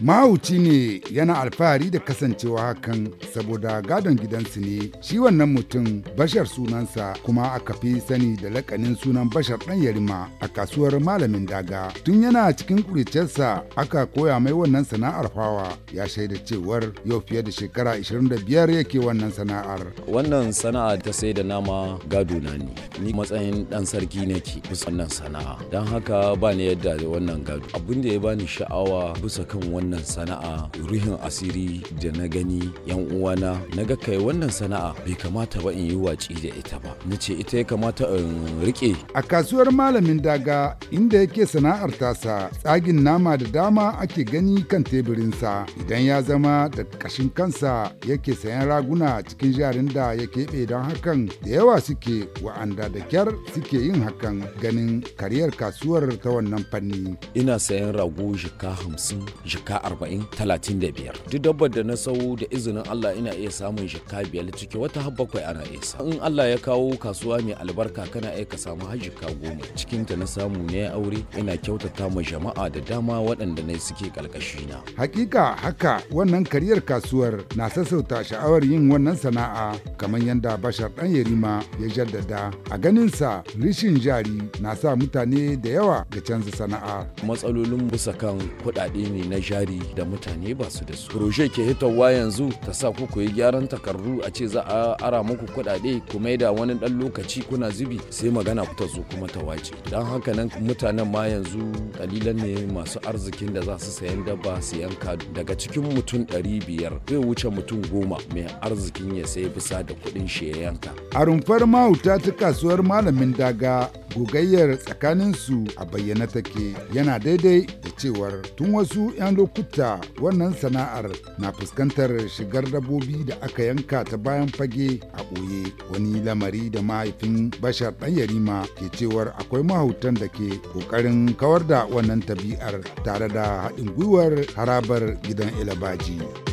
mahauci ne yana alfahari da kasancewa hakan saboda gadon gidansu ne shi wannan mutum bashar sunansa kuma aka fi sani da lakanin sunan bashar ɗan yarima a kasuwar malamin daga tun yana cikin kuricensa aka koya mai wannan sana'ar fawa ya shaida cewar yau fiye da shekara 25 yake wannan sana'ar wannan sana'a ta sai da nama gado na ne ni matsayin dan sarki nake bisa wannan sana'a don haka ba ni yadda da wannan gado abin ya bani sha'awa bisa kan wannan wannan sana'a ruhin asiri da na gani yan uwana na ga kai wannan sana'a bai kamata ba in yi watsi da ita ba na ce ita ya kamata in rike a kasuwar malamin daga inda yake sana'ar tasa tsagin nama da dama ake gani kan teburinsa idan ya zama da kashin kansa yake sayan raguna cikin jarin da ya keɓe don hakan da yawa suke wa'anda da kyar suke yin hakan ganin kariyar kasuwar ta wannan fanni ina sayan rago jika hamsin jika arba'in talatin duk dabbar da na sau da izinin allah ina iya samun shekka biyar ciki wata har bakwai ana isa in allah ya kawo kasuwa mai albarka kana iya ka samu har shekka goma cikin ta na samu ne aure ina kyautata ma jama'a da dama waɗanda ne suke ƙarƙashi na. hakika haka wannan kariyar kasuwar na sassauta sha'awar yin wannan sana'a kamar yadda bashar dan yarima ya jaddada a ganin sa rishin jari na sa mutane da yawa ga canza sana'a matsalolin busa kan kuɗaɗe ne na jari gari da mutane ba su da su Roshe ke hitawa yanzu ta sa ku yi gyaran takardu a ce za a ara muku kuɗaɗe ku mai da wani ɗan lokaci kuna zubi sai magana ku ta kuma ta wace don haka nan mutanen ma yanzu kalilan ne masu arzikin da za su sayan dabba sayan kadu daga cikin mutum ɗari biyar zai wuce mutum goma mai arzikin ya sai bisa da kuɗin shi ya yanka a rumfar mahauta ta kasuwar malamin daga gogayyar tsakaninsu a bayyana take yana daidai da cewar tun wasu 'yan lokuta wannan sana'ar na fuskantar shigar dabobi da aka yanka ta bayan fage a ɓoye wani lamari da mahaifin bashar ɗan yarima ke cewar akwai mahautan da ke ƙoƙarin kawar da wannan tabi'ar tare da haɗin gwiwar harabar gidan ilabaji.